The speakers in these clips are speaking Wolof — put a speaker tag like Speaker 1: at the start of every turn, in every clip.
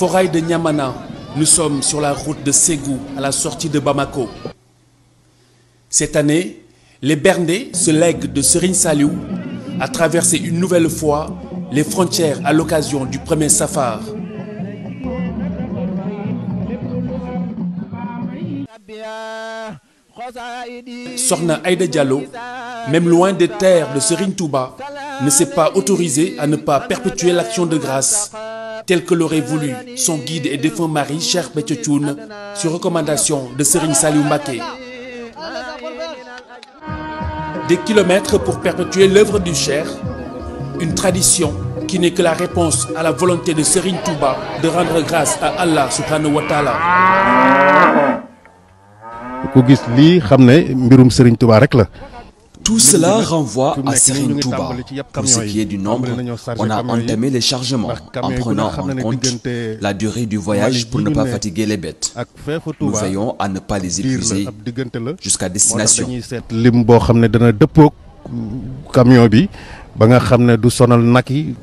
Speaker 1: Forail de Niamana, nous sommes sur la route de Ségou, à la sortie de Bamako. Cette année, les Bernés, ce legs de Serigne Saliou, a traversé une nouvelle fois les frontières à l'occasion du premier safar. Sorna Aïda Diallo, même loin des terres de Serigne Touba, ne s'est pas autorisée à ne pas perpétuer l'action de grâce tel que l'aurait voulu son guide et défunt mari Cheikh Béthio Thioune sur recommandation de Serigne Saliou Mbacké. Des kilomètres pour perpétuer l'œuvre du Cheikh, une tradition qui n'est que la réponse à la volonté de Serigne Touba de rendre grâce à Allah subhanahu wa taala. ku gis lii xam ne mbirum Serigne Touba rek la. Tout cela renvoie à Serigne Touba. Pour ce qui est du nombre, on a entamé les chargements en prenant en compte la durée du voyage pour ne pas fatiguer les bêtes. Nous veillons à ne pas les épuiser jusqu'à destination. lim boo xam ne dana dëppoog camion bi ba nga xam ne du sonal nag yi.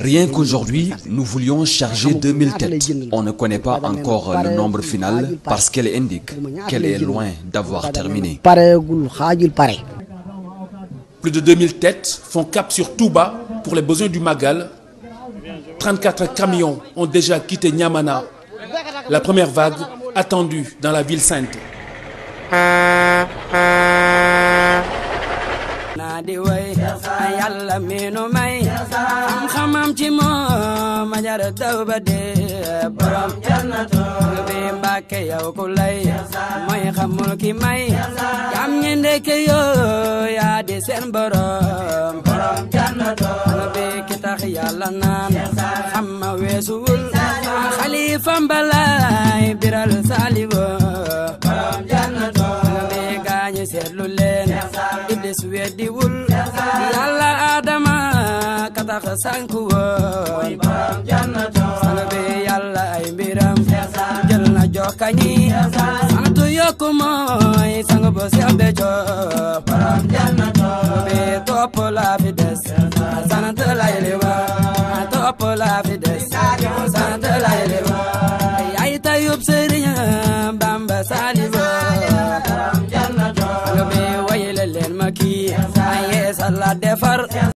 Speaker 1: Rien qu'aujourd'hui, nous voulions charger 2000 têtes. On ne connaît pas encore le nombre final parce qu'elle indique qu'elle est loin d'avoir terminé. Plus de 2000 têtes font cap sur Touba pour les besoins du Magal. 34 camions ont déjà quitté Niamana. La première vague attendue dans la ville sainte.
Speaker 2: seen borom borom jannatoo ana bee ki tax yàlla naan xam ma weesuwul xalifa mbalaay biral saalibo borom jannatoo ana bee gaañi seetlu leen iblis weddiwul yàlla adama ka tax sànku woon borom jannatoo ana bee yàlla ay mbiram jël na jokkañi sant yokku moo mooy sang ba Cheikh Béthio borom jàll na toog bi topp laa fi des sant lay li wa topp laa fi des sant lay li wa yaay tayub sëriñ Bamba Saliwa borom jàll na toog bi wayla leen ma kii ay yeesal la